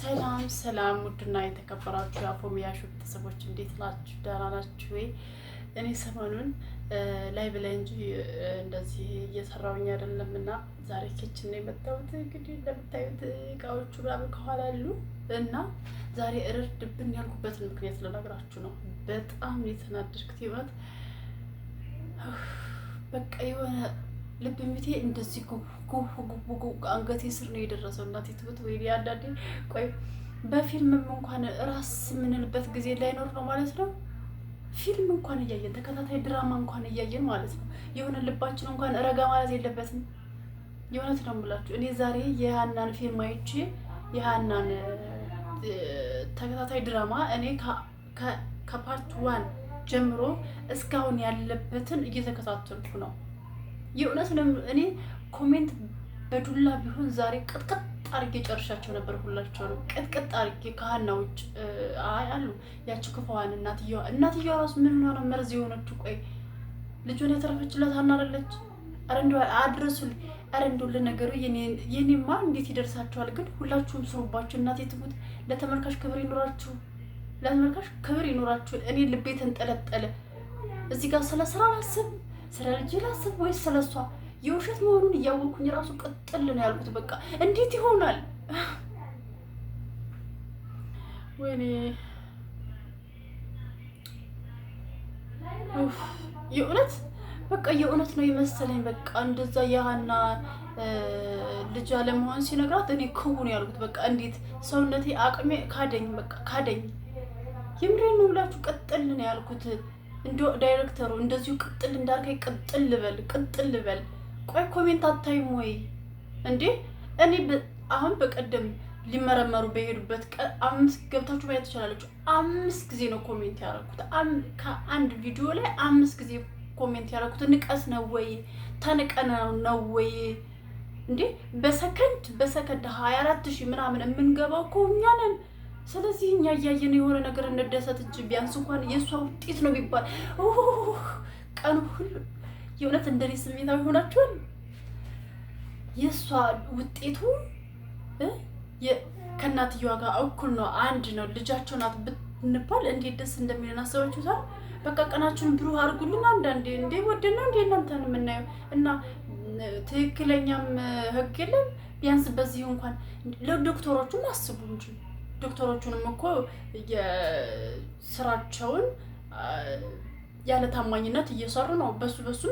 ሰላም ሰላም፣ ውድና የተከበራችሁ የአፎሚያ ሾው ቤተሰቦች እንዴት ናችሁ? ደህና ናችሁ ወይ? እኔ ሰሞኑን ላይ ብላይ እንጂ እንደዚህ እየሰራውኝ አይደለም እና ዛሬ ኬችን ነው የመጣሁት። እንግዲህ እንደምታዩት እቃዎቹ ምናምን ከኋላ አሉ እና ዛሬ እርር ድብን ያልኩበትን ምክንያት ልነግራችሁ ነው። በጣም የተናደድኩት ይበት በቃ የሆነ ልብ ምቴ እንደዚህ አንገቴ ስር ነው የደረሰው። እናቴ ትሙት ወይ አንዳንዴ ቆይ በፊልምም እንኳን ራስ የምንልበት ጊዜ ላይኖር ነው ማለት ነው። ፊልም እንኳን እያየን ተከታታይ ድራማ እንኳን እያየን ማለት ነው የሆነ ልባችን እንኳን ረጋ ማለት የለበትም። የእውነት ነው የምላችሁ። እኔ ዛሬ የሀናን ፊልም አይቼ የሀናን ተከታታይ ድራማ እኔ ከፓርት ዋን ጀምሮ እስካሁን ያለበትን እየተከታተልኩ ነው። የእውነት እኔ ኮሜንት በዱላ ቢሆን ዛሬ ቅጥቅጥ አርጌ ጨርሻቸው ነበር። ሁላቸው ነው ቅጥቅጥ አርጌ ከሀና ውጭ አሉ ያቺ ክፋዋን እናትየዋ እናትየዋ ራሱ ምን ሆነ መርዝ የሆነችው ቆይ ልጁን የተረፈችለት ሀና አደለች። ኧረ እንደው አድረሱልኝ። ኧረ እንደው ለነገሩ የኔማ እንዴት ይደርሳቸዋል ግን ሁላችሁም ስሩባቸው። እናቴ ትሙት። ለተመልካች ክብር ይኖራችሁ፣ ለተመልካች ክብር ይኖራችሁ። እኔ ልቤ ተንጠለጠለ እዚህ ጋር ስለ ስራ ስለ ልጅ ላስብ ወይስ ስለሷ? የውሸት መሆኑን እያወቅኩኝ ራሱ ቅጥል ነው ያልኩት። በቃ እንዴት ይሆናል? ወይኔ የእውነት በቃ የእውነት ነው ይመስለኝ። በቃ እንደዛ የሀና ልጅ አለመሆን ሲነግራት እኔ ክቡ ነው ያልኩት። በቃ እንዴት ሰውነቴ አቅሜ ካደኝ፣ በቃ ካደኝ። የምሬን ነው ብላችሁ ቅጥል ነው ያልኩት። እንዲ ዳይሬክተሩ እንደዚሁ ቅጥል እንዳልከኝ ቅጥል ልበል ቅጥል ልበል። ቆይ ኮሜንት አታይም ወይ እንዴ? እኔ አሁን በቀደም ሊመረመሩ በሄዱበት አምስት ገብታችሁ ማየት ትችላለችሁ። አምስት ጊዜ ነው ኮሜንት ያደረኩት ከአንድ ቪዲዮ ላይ አምስት ጊዜ ኮሜንት ያደረኩት ንቀስ ነው ወይ ተንቀነ ነው ወይ እንዴ? በሰከንድ በሰከንድ ሀያ አራት ሺህ ምናምን የምንገባው እኮ እኛ ነን። ስለዚህ እኛ እያየን የሆነ ነገር እንደሰት እንጂ ቢያንስ እንኳን የእሷ ውጤት ነው ቢባል ቀኑ ሁሉ የእውነት እንደኔ ስሜታዊ ሆናችኋል። የእሷ ውጤቱ ከእናትየዋ ጋር እኩል ነው፣ አንድ ነው፣ ልጃቸው ናት ብንባል እንዴት ደስ እንደሚለን አስባችሁታል? በቃ ቀናችሁን ብሩህ አድርጉልን። አንዳንዴ እንዴ ወደን ነው እንዴ እናንተን የምናየው እና ትክክለኛም ህግ የለም። ቢያንስ በዚህ እንኳን ለዶክተሮቹም አስቡ እንጂ ዶክተሮቹንም እኮ የስራቸውን ያለ ታማኝነት እየሰሩ ነው። በሱ በሱ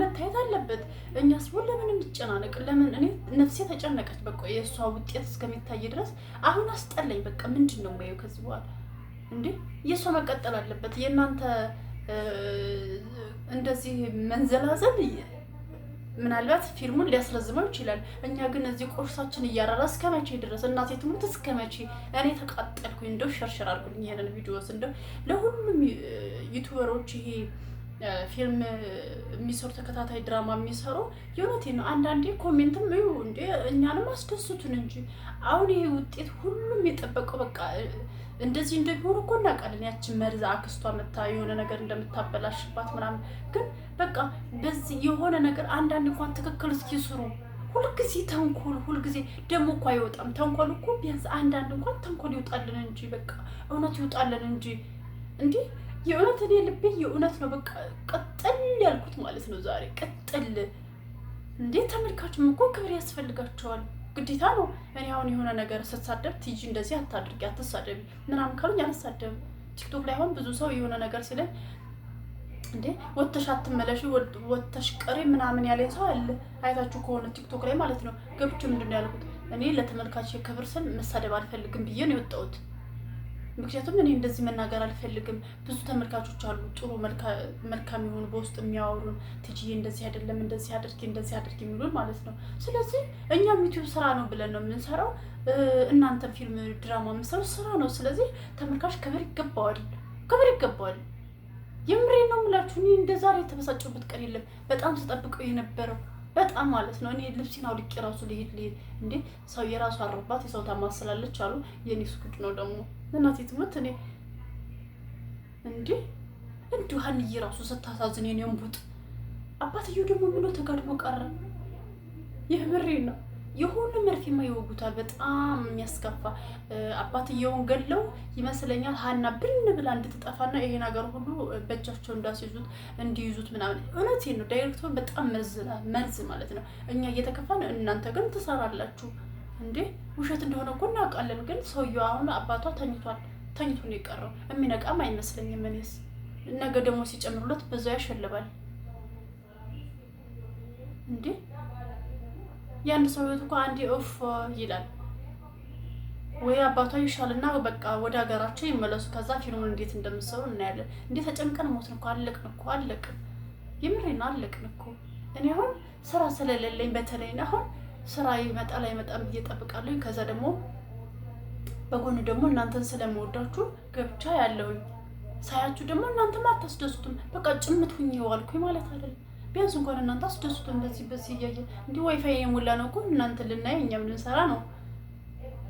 መታየት አለበት። እኛስ ቦ ለምን እንጨናነቅ? ለምን እኔ ነፍሴ ተጨነቀች። በቃ የእሷ ውጤት እስከሚታይ ድረስ አሁን አስጠላኝ። በቃ ምንድን ነው ማየው ከዚህ በኋላ እንዴ? የእሷ መቀጠል አለበት። የእናንተ እንደዚህ መንዘላዘል ምናልባት ፊልሙን ሊያስረዝመው ይችላል። እኛ ግን እዚህ ቁርሳችን እያራራ እስከ መቼ ድረስ እናቴ ትሙት እስከ መቼ? እኔ ተቃጠልኩኝ። እንደው ሸርሸር አድርጉልኝ ይሄንን ቪዲዮስ እንደው ለሁሉም ዩቱበሮች ይሄ ፊልም የሚሰሩ ተከታታይ ድራማ የሚሰሩ የእውነቴ ነው። አንዳንዴ ኮሜንትም ዩ እንደ እኛንም አስደስቱን እንጂ አሁን ይሄ ውጤት ሁሉም የጠበቀው በቃ እንደዚህ እንደሚሆን እኮ እናውቃለን። ያችን መርዝ አክስቷ መታ የሆነ ነገር እንደምታበላሽባት ምናምን፣ ግን በቃ በዚህ የሆነ ነገር አንዳንድ እንኳን ትክክል እስኪስሩ ሁልጊዜ ተንኮል ሁልጊዜ ደግሞ እኮ አይወጣም ተንኮል እኮ ቢያንስ አንዳንድ እንኳን ተንኮል ይውጣልን እንጂ በቃ እውነት ይውጣልን እንጂ እንዲህ የእውነት እኔ ልቤ የእውነት ነው። በቃ ቀጥል ያልኩት ማለት ነው። ዛሬ ቀጥል እንዴት ተመልካችም እኮ ክብር ያስፈልጋቸዋል። ግዴታ ነው። እኔ አሁን የሆነ ነገር ስትሳደብ ቲጂ እንደዚህ አታድርጊ፣ አትሳደቢ ምናምን ካሉኝ አልሳደብም። ቲክቶክ ላይ አሁን ብዙ ሰው የሆነ ነገር ሲለኝ እንዴ ወተሽ አትመለሽ ወተሽ ቀሪ ምናምን ያለኝ ሰው አለ። አይታችሁ ከሆነ ቲክቶክ ላይ ማለት ነው። ገብቼ ምንድን ነው ያልኩት እኔ ለተመልካች ክብር ስል መሳደብ አልፈልግም ብዬ ነው የወጣሁት። ምክንያቱም እኔ እንደዚህ መናገር አልፈልግም። ብዙ ተመልካቾች አሉ፣ ጥሩ መልካም የሆኑ በውስጥ የሚያወሩን ትጅዬ እንደዚህ አይደለም፣ እንደዚህ አድርጊ፣ እንደዚህ አድርጊ የሚሉን ማለት ነው። ስለዚህ እኛም ዩቲዩብ ስራ ነው ብለን ነው የምንሰራው። እናንተ ፊልም፣ ድራማ የምንሰራው ስራ ነው። ስለዚህ ተመልካች ክብር ይገባዋል፣ ክብር ይገባዋል። የምሬ ነው የምላችሁ። እኔ እንደ ዛሬ የተበሳጨሁበት ቀን የለም። በጣም ስጠብቀው የነበረው በጣም ማለት ነው። እኔ ልብሴን አውልቄ ራሱ ልሄድ ልሄድ እንዴ ሰው የራሱ አረባት የሰው ታማስላለች አሉ። የኔ ስኩድ ነው ደግሞ እናቴ ትሞት እኔ እንዴ እንዲሁ ሀንዬ ራሱ ስታሳዝን የኔን ቡጥ አባትየው ደግሞ ምሎ ተጋድሞ ቀረ። ይህ ብሬ ነው የሆነ መርፌማ ይወጉታል። በጣም የሚያስከፋ አባትየውን ገለው ይመስለኛል ሀና ብን ብላ እንድትጠፋና ይሄ ነገር ሁሉ በእጃቸው እንዳስይዙት እንዲይዙት ምናምን። እውነቴን ነው ዳይሬክተር በጣም መርዝ ማለት ነው። እኛ እየተከፋን እናንተ ግን ትሰራላችሁ። እንዴ ውሸት እንደሆነ እኮ እናውቃለን፣ ግን ሰውየው አሁን አባቷ ተኝቷል። ተኝቶ ነው የቀረው። የሚነቃም አይመስለኝም። እኔስ ነገ ደግሞ ሲጨምሩለት በዛው ያሸልባል። እንዴ ያን ሰው ህይወት እኮ አንዴ እፍ ይላል ወይ አባቷ ይሻልና በቃ ወደ ሀገራቸው ይመለሱ። ከዛ ፊልሙን እንዴት እንደምሰሩ እናያለን። እንዴ ተጨምቀን ሞትን እኮ አለቅን እኮ አለቅን። የምሬን አለቅን እኮ እኔ አሁን ስራ ስለሌለኝ በተለይ አሁን ስራ ይመጣል አይመጣም ብዬ እጠብቃለሁ። ከዛ ደግሞ በጎን ደግሞ እናንተን ስለመወዳችሁ ገብቻ ያለውኝ ሳያችሁ ደግሞ እናንተም አታስደስቱም። በቃ ጭምት ሁኝ የዋልኩኝ ማለት አይደለም። ቢያንስ እንኳን እናንተ አስደስቱም። በዚህ በዚህ እያየ እንዲህ ዋይፋይ የሞላ ነው እኮ እናንተ ልናየ እኛም ልንሰራ ነው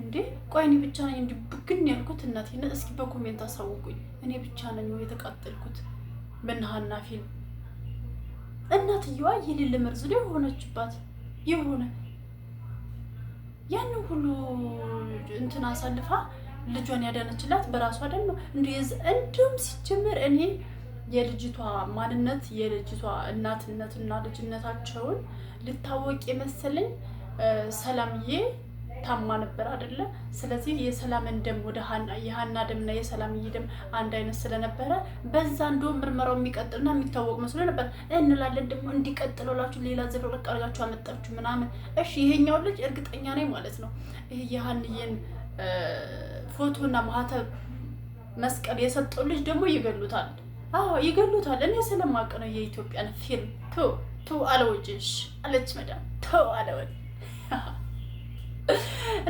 እንዴ? ቆይ እኔ ብቻ ነኝ እንዲህ ብግን ያልኩት? እናቴ እስኪ በኮሜንት አሳውቁኝ። እኔ ብቻ ነኝ የተቃጠልኩት በነሀና ፊልም። እናትየዋ የሌለ መርዝ ላይ የሆነችባት የሆነ ያን ሁሉ እንትን አሳልፋ ልጇን ያዳነችላት በራሷ ደግሞ እንዲሁም ሲጀምር እኔ የልጅቷ ማንነት የልጅቷ እናትነትና ልጅነታቸውን ልታወቅ የመሰለኝ ሰላምዬ ታማ ነበር አደለ? ስለዚህ የሰላምን ደም ወደ የሀና ደምና የሰላምዬ ደም አንድ አይነት ስለነበረ በዛ እንደውም ምርመራው የሚቀጥልና የሚታወቅ መስሎ ነበር እንላለን። ደግሞ እንዲቀጥል ላችሁ ሌላ ዝብርቅ አድርጋችሁ አመጣችሁ ምናምን። እሺ ይሄኛው ልጅ እርግጠኛ ነኝ ማለት ነው ይሄ የሀንዬን ፎቶና ማህተብ መስቀል የሰጠው ልጅ ደግሞ ይገሉታል። አዎ ይገሉታል። እኔ ስለማቅ ነው የኢትዮጵያን ፊልም ቱ ቱ አለወጅሽ አለች መዳም ቱ አለወጅ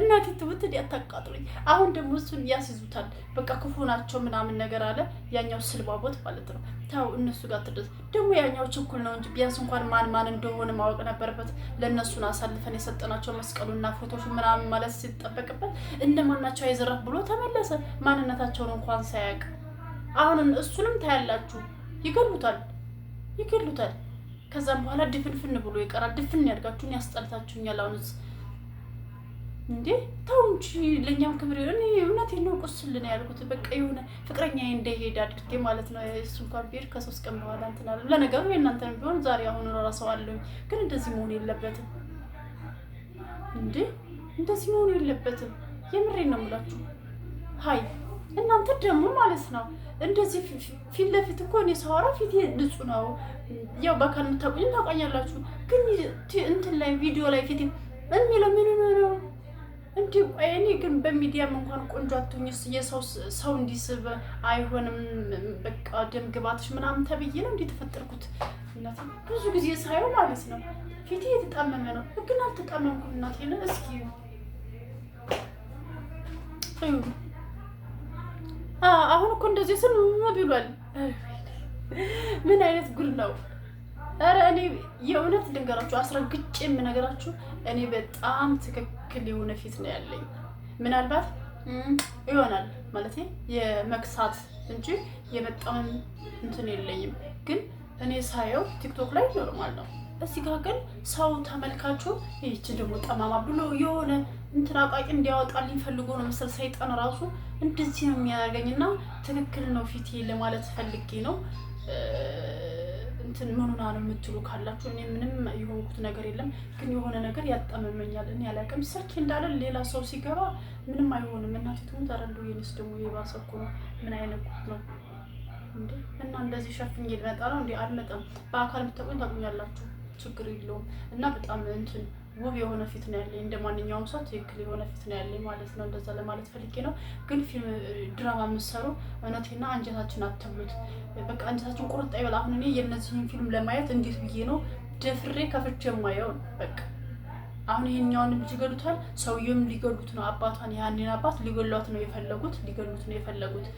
እናቴ ትብትል አታቃጥሉኝ። አሁን ደግሞ እሱን ያስይዙታል። በቃ ክፉ ናቸው ምናምን ነገር አለ ያኛው ስልባቦት ማለት ነው። ተው እነሱ ጋር ትደስ ደግሞ ያኛው ችኩል ነው እንጂ ቢያንስ እንኳን ማን ማን እንደሆነ ማወቅ ነበረበት። ለእነሱን አሳልፈን የሰጠናቸው መስቀሉና ፎቶሽ ምናምን ማለት ሲጠበቅበት እነማናቸው አይዘረፍ ብሎ ተመለሰ። ማንነታቸውን እንኳን ሳያውቅ አሁን እሱንም ታያላችሁ። ይገሉታል ይገሉታል። ከዛም በኋላ ድፍንፍን ብሎ ይቀራል። ድፍን ያድጋችሁን ያስጠልታችሁኛል። አሁንስ እንዴ ተው እንጂ ለእኛም ክብር ይሆን። እውነቴን ነው ቁስልን ያልኩት በቃ የሆነ ፍቅረኛ እንደሄድ አድርጌ ማለት ነው። እሱ እንኳን ቢሄድ ከሶስት ቀን በኋላ እንትን አለ። ለነገሩ የእናንተን ቢሆን ዛሬ አሁኑ እራሳው አለኝ፣ ግን እንደዚህ መሆን የለበትም እንዴ እንደዚህ መሆን የለበትም። የምሬን ነው የምላችሁ። ሀይ እናንተ ደግሞ ማለት ነው እንደዚህ ፊት ለፊት እኮ እኔ ሳወራ ፊት ንጹህ ነው። ያው በአካል የምታቆኝ ታውቃኛላችሁ፣ ግን እንትን ላይ ቪዲዮ ላይ ፊት የሚለው ምን ነው እንዲ እኔ ግን በሚዲያም እንኳን ቆንጆ አትሆኝስ የሰው ሰው እንዲስብ አይሆንም፣ በቃ ደም ግባትሽ ምናምን ተብዬ ነው እንዲ የተፈጠርኩት። እናቴ ብዙ ጊዜ ሳየው ማለት ነው ፊቴ የተጣመመ ነው፣ ግን አልተጣመምኩም። እናቴ ነው እስኪ አሁን እኮ እንደዚህ ስም ብሏል። ምን አይነት ጉድ ነው! ኧረ እኔ የእውነት ልንገራችሁ፣ አስረግጬ የምነገራችሁ እኔ በጣም ትክክል ያክል የሆነ ፊት ነው ያለኝ። ምናልባት ይሆናል ማለት የመክሳት እንጂ የበጣም እንትን የለኝም። ግን እኔ ሳየው ቲክቶክ ላይ ኖርማል ነው። እዚህ ጋር ግን ሰው ተመልካቹ ይችን ደግሞ ጠማማ ብሎ የሆነ እንትን አቃቂ እንዲያወጣልኝ ፈልጎ ነው መሰል ሰይጣን ራሱ እንደዚህ ነው የሚያደርገኝ። እና ትክክል ነው ፊቴ ለማለት ፈልጌ ነው። እንትን ምኑና ነው የምትሉ ካላችሁ እኔ ምንም የሆንኩት ነገር የለም፣ ግን የሆነ ነገር ያጣመመኛል። እኔ አላውቅም። ስልክ እንዳለ ሌላ ሰው ሲገባ ምንም አይሆንም። እናቴ ትሙት አረንዶ የንስ ደግሞ የባሰ እኮ ነው። ምን አይነት ጉድ ነው እና እንደዚህ ሸፍኝ ልመጣ ነው እንዲ አልመጣም። በአካል የምታውቁኝ ታውቁኛላችሁ። ችግር የለውም እና በጣም እንትን ውብ የሆነ ፊት ነው ያለኝ። እንደ ማንኛውም ሰው ትክክል የሆነ ፊት ነው ያለኝ ማለት ነው። እንደዛ ለማለት ፈልጌ ነው። ግን ፊልም ድራማ የምትሰሩ እውነቴና አንጀታችን አትብሉት። በቃ አንጀታችን ቁርጣ ይበል። አሁን እኔ የእነዚህን ፊልም ለማየት እንዴት ብዬ ነው ደፍሬ ከፍቼ የማየው? በቃ አሁን ይሄኛውን ልጅ ይገሉታል፣ ሰውዬውም ሊገሉት ነው። አባቷን ያንን አባት ሊገሏት ነው የፈለጉት፣ ሊገሉት ነው የፈለጉት።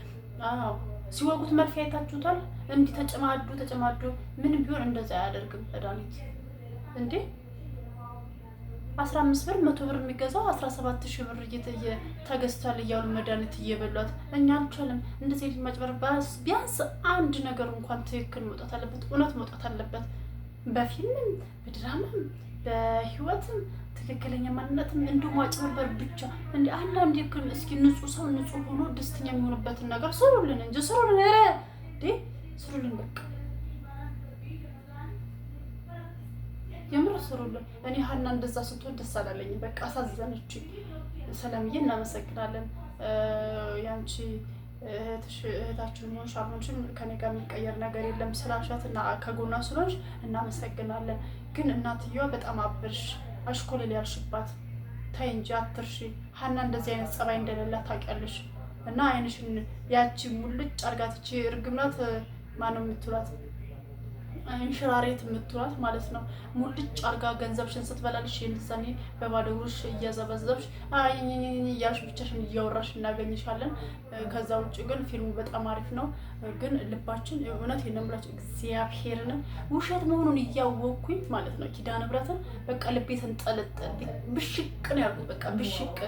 አዎ ሲወጉት መርፌ አይታችሁታል። እንዲህ ተጨማዱ ተጨማዱ። ምን ቢሆን እንደዛ አያደርግም መድኃኒት እንዴ አስራ አምስት ብር መቶ ብር የሚገዛው አስራ ሰባት ሺህ ብር ተገዝቷል እያሉ መድኃኒት እየበሏት እኛ አልቻለም። እንደዚህ ማጭበርበር ቢያንስ አንድ ነገር እንኳን ትክክል መውጣት አለበት፣ እውነት መውጣት አለበት። በፊልምም በድራማም በህይወትም ትክክለኛ ማንነት እንደ ማጭበርበር ብቻ። እንደ አንዳንዴ ግን እስኪ ንጹህ ሰው ንጹህ ሆኖ ደስተኛ የሚሆንበትን ነገር ስሩልን እንጂ ስሩልን፣ ኧረ ስሩልን፣ በቃ የምር ስሩልን። እኔ ሀና እንደዛ ስትሆን ደስ አላለኝም። በቃ አሳዘነችኝ። ሰላምዬ እናመሰግናለን። ያንቺ እህታችን ሆንሽ አልሆንሽም ከኔ ጋር የሚቀየር ነገር የለም ስላልሻት እና ከጎኗ ስለሆንሽ እናመሰግናለን። ግን እናትየዋ በጣም አብርሽ አሽኮል ያልሽባት ተይ እንጂ አትርሺ። ሀና እንደዚህ አይነት ጸባይ እንደሌላት ታውቂያለሽ። እና አይንሽን ያቺ ሙልጭ አርጋትች እርግምናት ማነው የምትሏት እንሽራሬት የምትሏት ማለት ነው። ሙልጭ አርጋ ገንዘብሽን ስትበላልሽ የምትሰኒ በባዶ እግርሽ እያዘበዘብሽ እያልሽ ብቻሽን እያወራሽ እናገኝሻለን። ከዛ ውጭ ግን ፊልሙ በጣም አሪፍ ነው። ግን ልባችን እውነት የነምላቸው እግዚአብሔርን ውሸት መሆኑን እያወቅኩኝ ማለት ነው ኪዳነ ምሕረትን በቃ ልቤ ተንጠለጠል ብሽቅ ነው ያልኩት በቃ ብሽቅ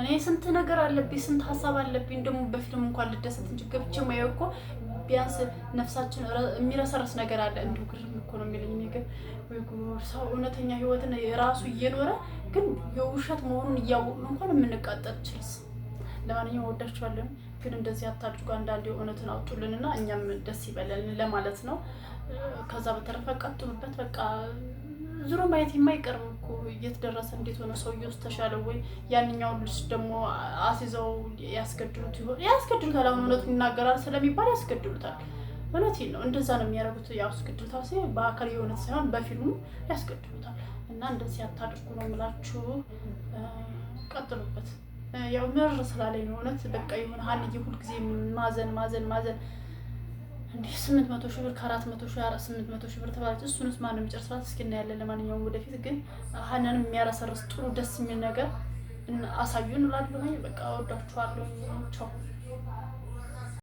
እኔ ስንት ነገር አለብኝ፣ ስንት ሀሳብ አለብኝ። ደግሞ በፊልም እንኳን ልደሰት እንጂ ገብቼ ማየው እኮ ቢያንስ ነፍሳችን የሚረሰርስ ነገር አለ። እንዲሁ ግርም እኮ ነው የሚለኝ ነገር ወይ ሰው እውነተኛ ህይወትን የራሱ እየኖረ ግን የውሸት መሆኑን እያወቅን እንኳን የምንቃጠል ችልስ። ለማንኛውም ወዳችኋለን፣ ግን እንደዚህ አታድርጉ። አንዳንዴ እውነትን አውጡልንና እኛም ደስ ይበለን ለማለት ነው። ከዛ በተረፈ ቀጥሉበት በቃ ዙሮ ማየት የማይቀርም እኮ እየተደረሰ እንዴት ሆነ? ሰውዬውስ ተሻለ ወይ? ያንኛው ልጅ ደግሞ አስይዘው ያስገድሉት ይሆን? ያስገድሉታል። አሁን እውነቱ ይናገራል ስለሚባል ያስገድሉታል። እውነት ነው። እንደዛ ነው የሚያደርጉት። ያስገድሉታል ሲል በአካል የእውነት ሳይሆን በፊልሙ ያስገድሉታል። እና እንደዚህ ያታድርጉ ነው የምላችሁ። ቀጥሉበት። ያው ምር ስላለኝ ነው እውነት በቃ የሆነ ሀንዬ ሁልጊዜ ማዘን ማዘን ማዘን እንዲህ ስምንት መቶ ሺህ ብር ከአራት መቶ ሺህ አራት ስምንት መቶ ሺህ ብር ተባለች። እሱንስ ማን ነው የሚጨርስላት? እስኪ እናያለን። ለማንኛውም ወደፊት ግን ሀናንም የሚያረሰርስ ጥሩ ደስ የሚል ነገር አሳዩን እላለሁኝ። በቃ ወዳችኋለሁ። ቻው